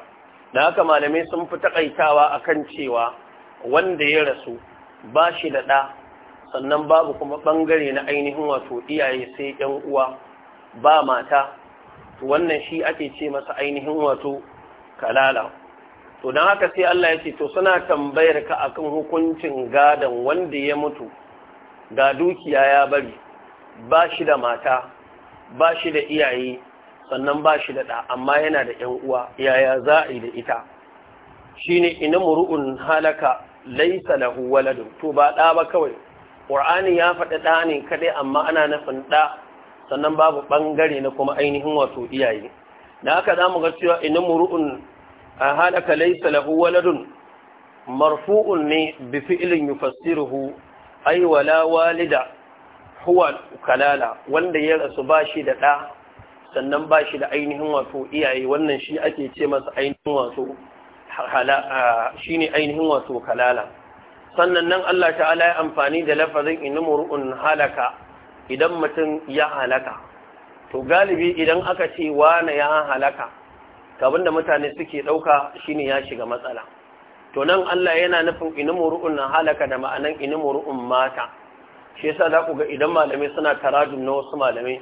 da haka malamai sun fi takaitawa kan cewa wanda ya rasu ba shi da ɗa sannan babu kuma ɓangare na ainihin wato iyaye sai ‘yan uwa ba mata wannan shi ake ce masa ainihin wato kalala to don haka sai Allah ya ce to suna tambayar ka akan hukuncin gadon wanda ya mutu ga dukiya ya bari ba shi da mata ba shi da iyaye sannan ba shi da ɗa amma yana da ‘yan uwa yaya za a yi da ita shi ne ina muru'un halaka laisa lahu waladun to ba ɗa ba kawai ƙur'ani ya faɗi ɗa ne kaɗai amma ana nufin ɗa sannan babu ɓangare na kuma ainihin wato iyaye da haka za ga cewa ina muru'un halaka laisa lahu waladun marfu'un ne bi fi'ilin yufassiruhu ay wala walida huwa kalala wanda ya rasu ba shi da ɗa sannan ba shi da ainihin wato iyaye wannan shi ake ce masa ainihin wato shi ainihin wato kalala sannan nan Allah ta'ala ya amfani da lafazin inumur'un halaka idan mutum ya halaka to galibi idan aka ce wane ya halaka da mutane suke ɗauka shine ya shiga matsala to nan Allah yana nufin inumur'un halaka da ma'anan inumur'un mata shi yasa za ku ga idan malamai suna tarajum na wasu malamai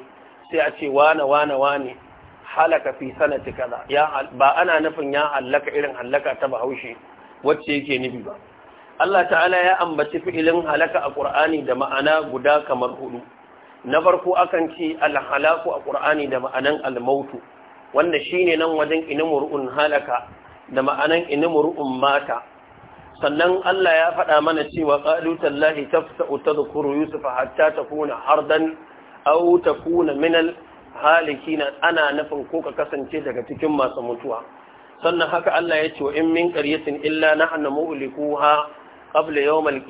sai a ce wane wane wane halaka fi sanati kaza ya ba ana nufin ya halaka irin halaka ta bahaushe wacce yake nufi ba Allah ta'ala ya ambaci fi'ilin halaka a Qur'ani da ma'ana guda kamar hudu na farko akan ce al a Qur'ani da ma'anan al-mautu wanda shine nan wajen inmurun halaka da ma'anan inimuru'un mata sannan Allah ya faɗa mana cewa qalu tallahi tafsa'u tadhkuru yusufa hatta har hardan aw takuna min al halikina ana nufin ko ka kasance daga cikin masu mutuwa sannan haka Allah ya ce wa in min qaryatin illa nahnu mu'likuha qabla yawm al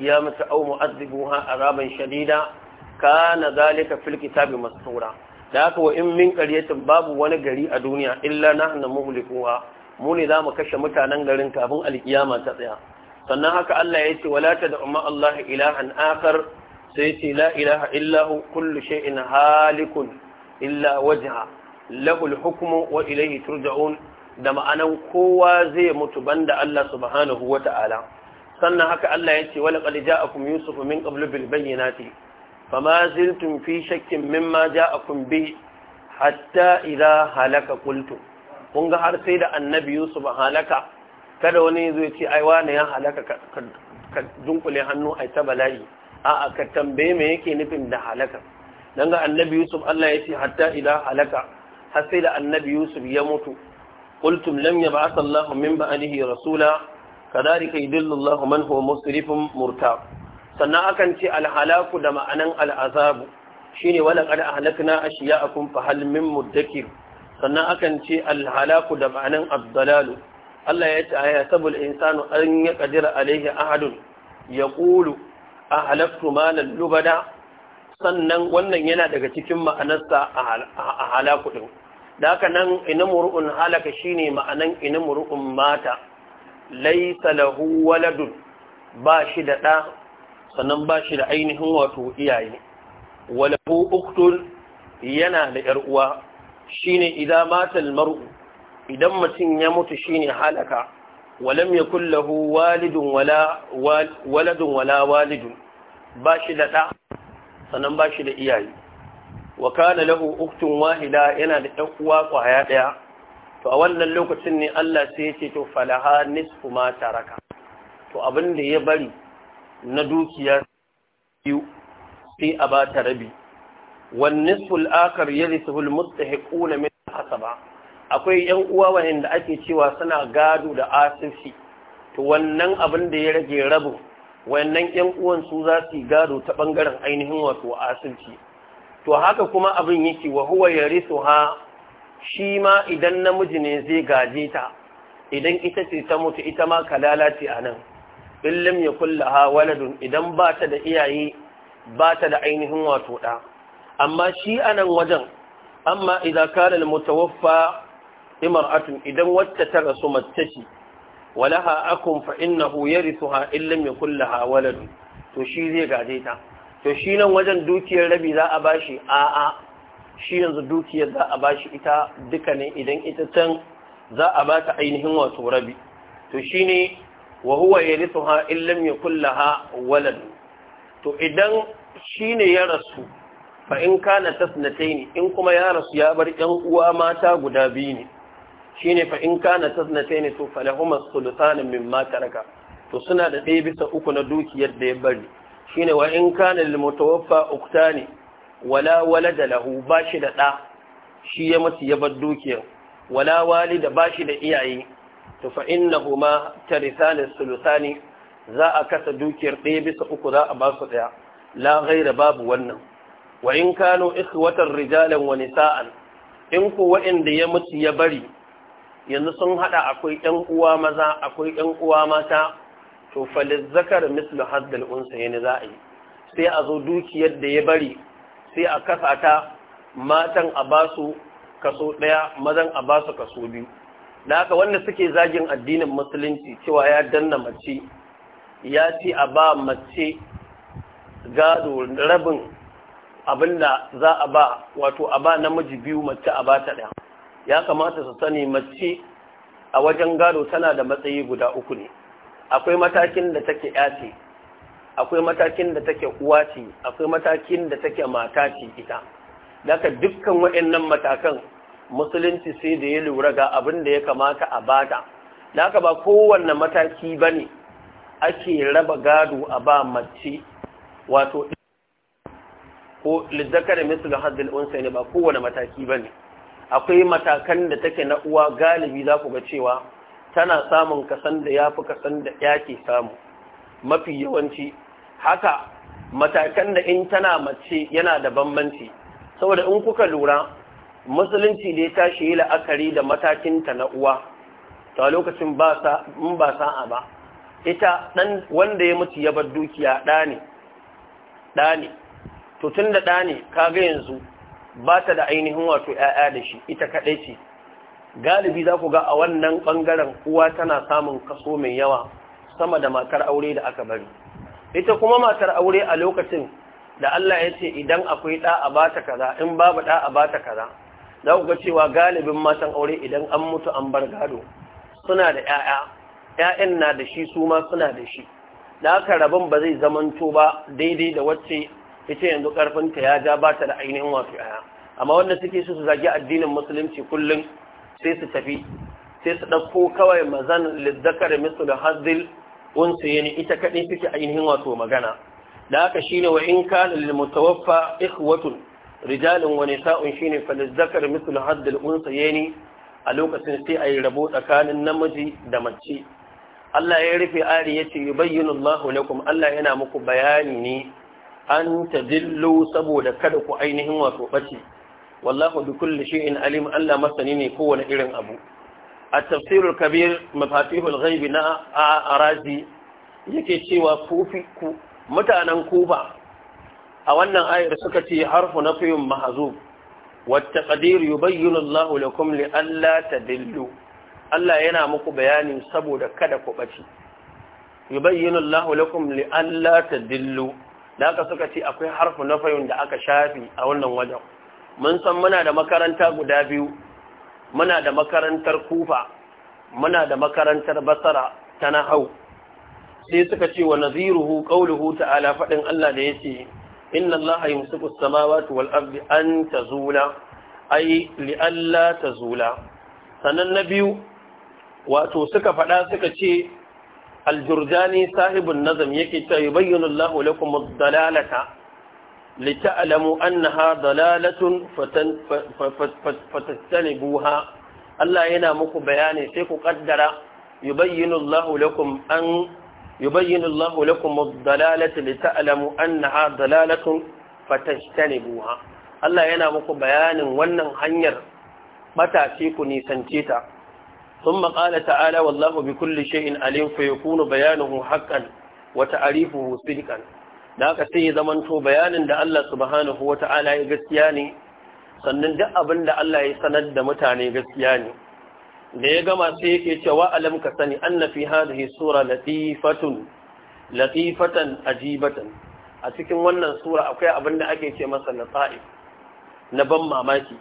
aw mu'adhibuha azaban shadida kana zalika fil kitabi mastura da haka wa in min qaryatin babu wani gari a duniya illa nahnu mu'likuha mu ne zamu kashe mutanen garin kafin al ta tsaya sannan haka Allah ya ce wala tad'u ma Allah ilahan akhar sai ce la ilaha illahu kullu shay'in halikun illa wajha lahul hukmu wa ilayhi turja'un da ma'anan kowa zai mutu banda Allah subhanahu wata'ala sannan haka Allah yace wa laqad ja'akum yusuf min qablu bil bayyinati fama ziltum fi shakkin mimma ja'akum bi hatta idha halaka qultu kun ga har sai da annabi yusuf halaka kada wani zai ce ai wani ya halaka ka dunkule hannu ai ta bala'i a'a ka tambaye me yake nufin da halaka dan ga annabi yusuf Allah ya ce hatta idan halaka har sai da annabi yusuf ya mutu qultum lam yab'ath Allah min ba'dihi rasula kadhalika yudillu Allah man huwa musrifun murtab sannan akan ce alhalaku da ma'anan al'azabu shine wala qad ahlakna ashiya'akum fa hal min muddakir sannan akan ce alhalaku da ma'anan ad Allah ya ce ayasabul insanu an yaqdira alayhi ahadun yaqulu ahalaktu malan lubada sannan wannan yana daga cikin ma'anarsa a halaku din da nan halaka shine ma'anan inamuru'un mata laysa lahu waladun ba shi da ɗa sannan ba shi da ainihin wato iyaye walahu uktun yana da ‘yar uwa shine idan matal mar'u idan mutum ya mutu shine halaka walam ya kullahu walidun wala walidun ba shi da ɗa sannan ba shi da iyaye wa kana lahu uktun wahida yana da ɗan uwa ƙwaya ɗaya to a wannan lokacin ne Allah sai ya ce to falaha nisfu ma taraka to abin da ya bari na dukiya biyu sai a ba ta rabi wan nisful akhar yarithu al mustahiquna min hasaba akwai yan uwa wanda ake cewa suna gado da asisi to wannan abin da ya rage rabu wayannan ƴan uwan su za su gado ta bangaren ainihin wato asirci to haka kuma abin yake wa huwa ha? shi ma idan namiji ne zai gaje ta idan ita ce ta mutu ita ma kalala ce nan, in lam yakullaha waladun idan ba ta da iyaye ba ta da ainihin wato da amma shi anan wajen amma idan kana al mutawaffa imra'atun idan wacce ta rasu mace ce walaha akun fa innahu yarithuha illam yakul laha walad to shi zai gaje ta to shi nan wajen dukiyar rabi za a bashi a a shi yanzu dukiyar za a bashi ita duka ne idan ita can za a ba ta ainihin wato rabi to shi shine wa huwa yarithuha illam yakul laha walad to idan shi ne ya rasu fa in kana tasnataini in kuma ya rasu ya bar 'yan uwa mata guda biyu ne shine fa in kana taznatayn to falahuma sulthan min taraka to suna da ɗaya bisa uku na dukiyar da ya bari shine wa in kana lil mutawaffa uktani wala da lahu bashi da ɗa shi ya mutu ya bar dukiyar wala walida bashi da iyaye to fa innahuma tarithani sulthani za a kasa dukiyar ɗaya bisa uku za a ba su ɗaya la gaira babu wannan wa in kanu rijalan wa nisa'an in ku wa'inda ya mutu ya bari yanzu sun haɗa akwai ɗan uwa maza akwai ɗan uwa mata to zakar, mislu haddal unsa yana za a yi sai a zo dukiyar da ya bari sai a kasa ta matan a ba su kaso ɗaya mazan a ba su kaso biyu da haka wanda suke zagin addinin musulunci cewa ya danna mace ya ce a ba mace gado rabin abinda za a ba wato a ba namiji biyu mace a ba ta ɗaya ya kamata su sani mace a wajen gado tana da matsayi guda uku ne akwai matakin da take yace akwai matakin da take uwa ce akwai matakin da take mata ce ita daga dukkan waɗannan matakan musulunci sai da ya lura ga abin da ya kamata a bata daga ba kowanne mataki bane ake raba gado a ba mace wato ko misal hadd al unsa ne ba kowanne mataki bane akwai matakan da take na uwa galibi za ku ga cewa tana samun kasan da ya fi kasan da ya ke samu mafi yawanci haka matakan da in tana mace yana da bambanci saboda in kuka lura musulunci da ya tashi yi la'akari da matakinta na uwa ta lokacin in ba sa'a ba ita ɗan wanda ya mutu ya bar dukiya ɗa ne tutun tun da ɗa ne ga yanzu ba ta da ainihin wato ‘ya'ya da shi ita kaɗai ce galibi za ku ga a wannan ɓangaren uwa tana samun kaso mai yawa sama da matar aure da aka bari ita kuma matar aure a lokacin da Allah ya ce idan akwai ɗa a ba ta kaza in babu ɗa a ba ta kaza za ku ga cewa galibin matan aure idan an mutu an bar gado suna da ‘ya'ya ‘ya'yan na da shi su ma suna da shi da aka rabin ba zai zamanto ba daidai da wacce ita yanzu karfinta ya ja ba ta da ainihin wasu aya amma wanda suke su su zagi addinin musulunci kullum sai su tafi sai su ɗauko kawai mazan lizzakar misu da hazdil unsu yani ita kaɗai suke ainihin wato magana da haka shine wa in kana lil mutawaffa rijalin wani wa shi shine fa lizzakar misu da hazdil unsu yani a lokacin sai ayi rabo tsakanin namiji da mace Allah ya rufe ari yace yubayyinu Allahu lakum Allah yana muku bayani ne an tadillu saboda kada ku ainihin wato bace wallahu bi kulli shay'in alim Allah masani ne kowane irin abu A tafsirin kabir mafatih al-ghaib na arazi yake cewa kufi ku mutanen kuba a wannan ayar suka ce harfu nafiyun mahzub والتقدير يبين الله لكم لئلا تدلوا Allah yana muku bayani saboda kada ku bace yubayyinu Allahu lakum li alla tadillu da aka suka ce akwai harfi na fayun da aka shafi a wannan wajen mun san muna da makaranta guda biyu muna da makarantar kufa muna da makarantar basara ta nahau sai suka ce wa naziruhu qauluhu ta'ala fadin Allah da yace inna Allah yumsiku as-samawati wal ardi an tazula ay li alla tazula sanan na biyu wato suka fada suka ce aljurjani sahibin nazam yake ta yi bayyana Allah lakum dalalata lita'lamu annaha dalalatun fatastanibuha Allah yana muku bayani sai ku kaddara yubayyinu Allah lakum an yubayyinu Allah dalalata lita'lamu annaha dalalatun fatastanibuha Allah yana muku bayanin wannan hanyar matashi ku nisance ta ثم قال تعالى والله بكل شيء عليم فيكون بيانه حقا وتعريفه صدقا ذاك سي زمان بيان da Allah subhanahu wataala ya gaskiya ne sannan duk abin da Allah ya sanar da mutane gaskiya ne da ya gama sai yake cewa alam ka sani anna fi hadhihi sura latifatun latifatan ajibatan a cikin wannan sura akwai abin da ake ce masa latif na ban mamaki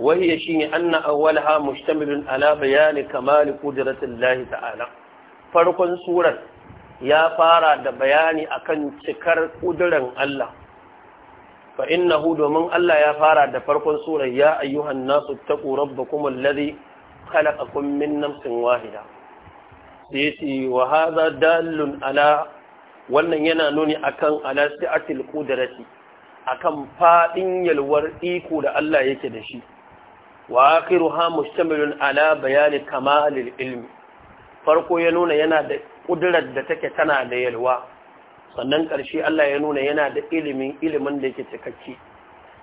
وهي شيء أن أولها مشتمل على بيان كمال قدرة الله تعالى فرق سورة يا فارا بيان أكن شكر قدرة الله فإنه دومن الله يا فارا فرق سورة يا أيها الناس اتقوا ربكم الذي خلقكم من نفس واحدة سيتي وهذا دال على wannan yana nuni akan alasi'atil qudrati akan fadin yalwar iko da Allah yake da shi wa akhiruha mustamilun ala bayani kamalil ilmi farko ya nuna yana da kudurar da take tana da yalwa sannan ƙarshe Allah ya nuna yana da ilimin ilimin da yake cikakke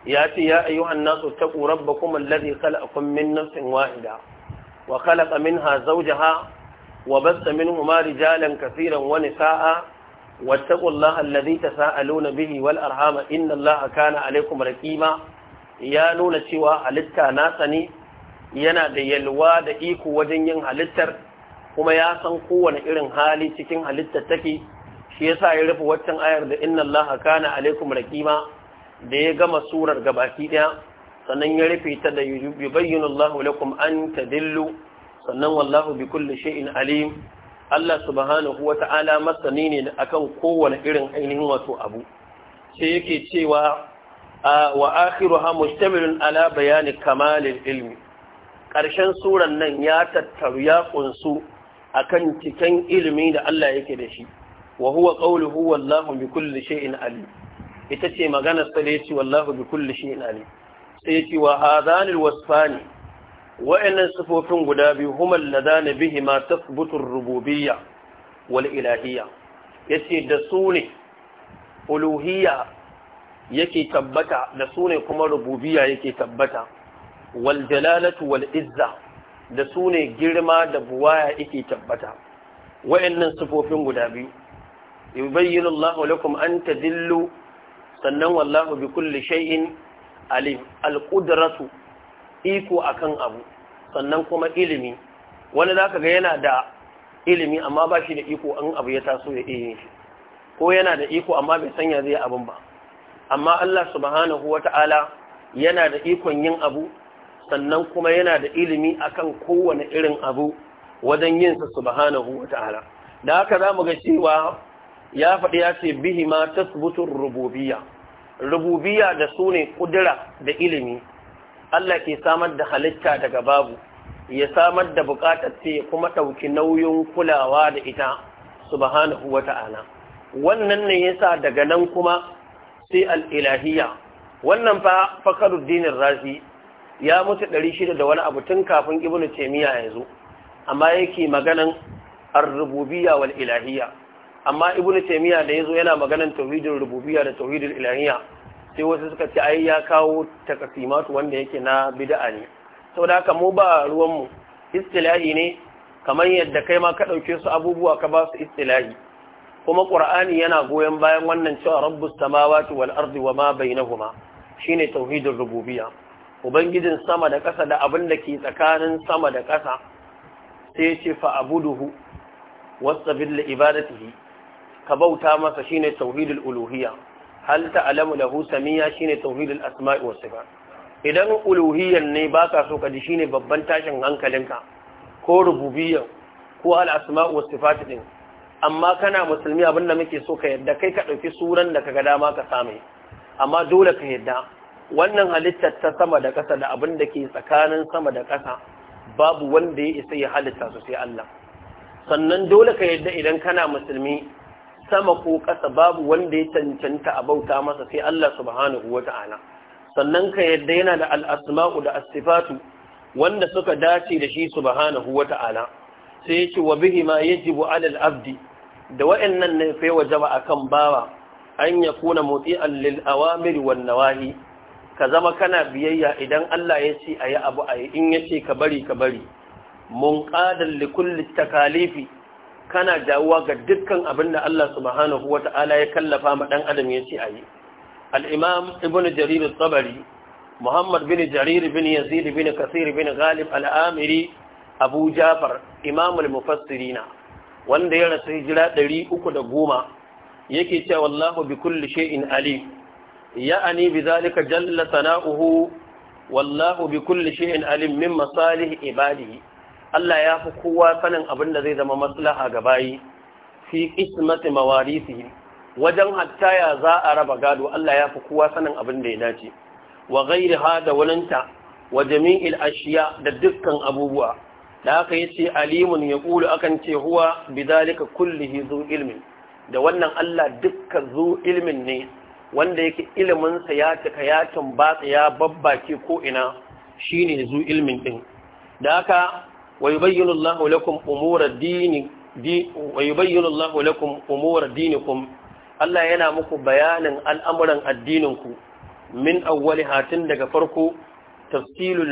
ya ce ya ayyuhan nasu taqu rabbakum alladhi khalaqakum min nafsin wahida wa khalaqa minha zawjaha wa bassa minhuma rijalan katiran wa nisaa'a wattaqullaha alladhi tasaaluna bihi wal arhama innallaha kana alaykum raqiba ya nuna cewa halitta nasa ne yana da yalwa da iko wajen yin halittar kuma ya san kowane irin hali cikin halitta take shi yasa ya rufe waccan ayar da inna allaha kana alaikum raqima da ya gama surar gabaki ɗaya sannan ya rufe ta da yubayyinu allahu lakum an tadillu sannan wallahu bi kulli shay'in alim Allah subhanahu wata'ala masani ne akan kowane irin ainihin wato abu sai yake cewa wa akhiruha mustamilun ala bayani kamalil ilmi ƙarshen suran nan ya tattaru ya kunsu akan cikin ilimi da Allah yake da shi wa huwa qawluhu wallahu bi kulli shay'in alim ita ce maganar ya yace wallahu bi kulli shay'in alim sai yace wa hadhan alwasfani wa'annan sifofin guda biyu humal ladana bihima tathbutu ar-rububiyya wal ilahiyya yace da su ne uluhiyya yake tabbata da su ne kuma rububiya yake tabbata wal jalalatu wal izza da su ne girma da buwaya yake tabbata wayannan sifofin guda biyu yubayyinu Allahu lakum an tadillu sannan wallahu bi kulli shay'in alim al qudratu iko akan abu sannan kuma ilimi wani zaka ga yana da ilimi amma ba shi da iko an abu ya taso ya iya shi ko yana da iko amma bai sanya zai abun ba amma Allah subhanahu ta'ala, yana da ikon yin abu sannan kuma yana da ilimi akan kowane irin abu wajen yin sa subhanahu wata'ala da haka zamu ga cewa ya faɗi ya ce bihi ma tasbutu rububiyya rububiyya da sune kudura da ilimi Allah ke samar da halitta daga babu ya samar da bukatar ya kuma ɗauki nauyin kulawa da ita subhanahu ta'ala. wannan ne yasa daga nan kuma sai al'ilahiyya wannan fa fakaruddinin razi ya mutu ɗari shida da wani abu tun kafin ibnu taimiyya ya zo amma yake maganan ar-rububiyya wal ilahiyya amma ibnu taimiyya da ya zo yana maganan tauhidin rububiya da tauhidin ilahiyya sai wasu suka ce ai ya kawo takasimatu wanda yake na bida'a ne sau da mu ba ruwan mu istilahi ne kamar yadda kai ma ka ɗauke su abubuwa ka ba su istilahi kuma ƙur'ani yana goyon bayan wannan cewa rabbus samawati wal ardi wa ma bainahuma shine tauhidin rububiyya ubangijin sama da ƙasa da abin da ke tsakanin sama da ƙasa sai ce fa abuduhu wasabir li ibadatihi ka bauta masa shine tauhidul uluhiyya hal ta'lamu lahu samiyya shine tauhidul asma'i was sifat idan uluhiyyan ne baka so ka ji shine babban tashin hankalinka ko rububiyyan ko al asma'u was sifat din amma kana musulmi abinda muke so ka yadda kai ka ɗauki suran da kaga dama ka same amma dole ka yadda wannan halittar ta sama da ƙasa da abin da ke tsakanin sama da ƙasa babu wanda ya isa ya halitta su sai Allah sannan dole ka yadda idan kana musulmi sama ko ƙasa babu wanda ya cancanta a bauta masa sai Allah subhanahu wata'ala sannan ka yadda yana da al'asma'u da asifatu wanda suka dace da shi subhanahu wata'ala sai yake wa bihi ma yajibu alal abdi da wa'annan ne fa a kan bawa an yakuna motsi lil awamiri wan wahi ka zama kana biyayya idan Allah ya ce ayi abu ayi in ya ce ka bari ka bari munqadan li kulli takalifi kana dawowa ga dukkan abin da Allah subhanahu wata'ala ya kallafa ma dan adam ya ce ayi yi? imam ibnu jarir at muhammad bin jarir bin yazid bin kasir bin ghalib Al'amiri abu jafar imam al-mufassirina wanda ya rasu hijira ɗari uku da goma yake cewa wallahu bi kulli shay'in ali ya'ani bi zalika jalla sana'uhu wallahu bi kulli shay'in alim min masalih ibadihi Allah ya fi kowa sanin abin da zai zama maslaha ga bayi fi qismati mawarisihi wajen hatta ya za a raba gado Allah ya fi kowa sanin abin da ya dace wa ghairi hada walanta wa jami'il ashiya da dukkan abubuwa da aka yi ce alimun ya ƙulu akan ce huwa bidalika kullihi zu ilmin da wannan Allah dukka zu ilmin ne wanda yake iliminsa ya cika ya ya babbake ko ina shine zu ilmin din da haka wa yubayyinu Allahu lakum umura dini di wa yubayyinu lakum umura dinikum Allah yana muku bayanin al'amuran addininku min awwali hatin daga farko tafsilu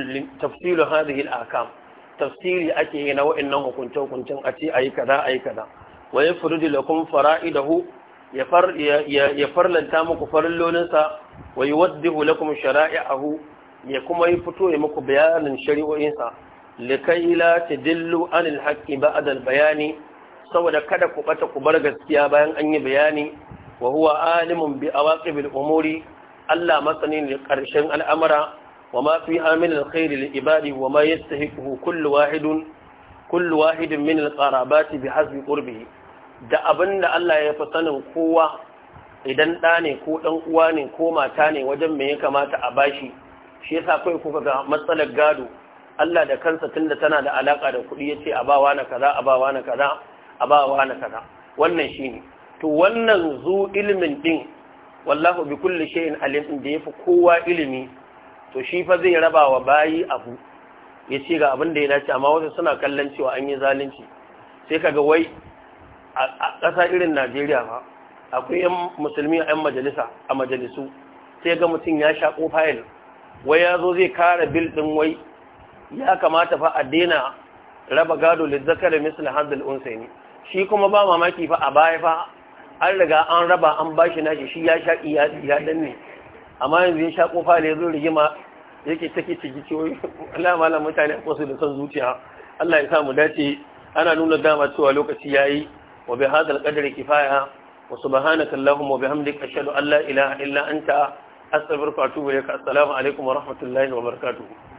tafsilu hadhihi al-ahkam tafsiri ake yi na wa'annan hukunce hukuncin a ce a yi kaza a yi kaza wa ya furudu lakum fara'idahu ya farlanta muku farillolinsa wa yi waddihu lakum shara'i'ahu ya kuma yi fito ya muku bayanin shari'o'insa likai la tadillu anil haqqi ba'da bayani saboda kada ku ɓata ku bar gaskiya bayan an yi bayani wa huwa alimun bi awaqibil umuri Allah matsani ne ƙarshen al'amura. وما فيها من الخير للعباد وما يستحقه كل واحد كل واحد من القرابات بحسب قربه da abinda da Allah ya fi sanin kowa idan ɗa ne ko ɗan uwa ne ko mata ne wajen me ya kamata a bashi shi yasa kai kuka ga matsalar gado Allah da kansa tunda tana da alaka da kuɗi yace a bawa na kaza a bawa na kaza a bawa na kaza wannan shine to wannan zu ilimin din wallahu bi kulli shay'in alim da yafi kowa ilimi to shi fa zai raba wa bayi abu ya ce ga abin da ya dace amma wasu suna kallon cewa an yi zalunci sai kaga wai a ƙasa irin najeriya ba akwai 'yan musulmi a 'yan majalisa a majalisu sai ga mutum ya shaƙo fayil wai ya zo zai kara bil ɗin wai ya kamata fa a daina raba gado lizzakar misal hadal unsani. shi kuma ba mamaki fa a baya fa an riga an raba an bashi nashi shi ya sha iya danne amma yanzu ya sha kofa da ya zo rigima yake take ciki alama alamalan mutane ko su da son zuciya Allah ya samu dace ana nuna dama cewa lokaci yayi wa bi hadal qadri kifaya wa subhanaka allahumma wa bihamdika ashhadu an la ilaha illa anta astaghfiruka wa atubu ilaik assalamu alaikum wa rahmatullahi wa barakatuh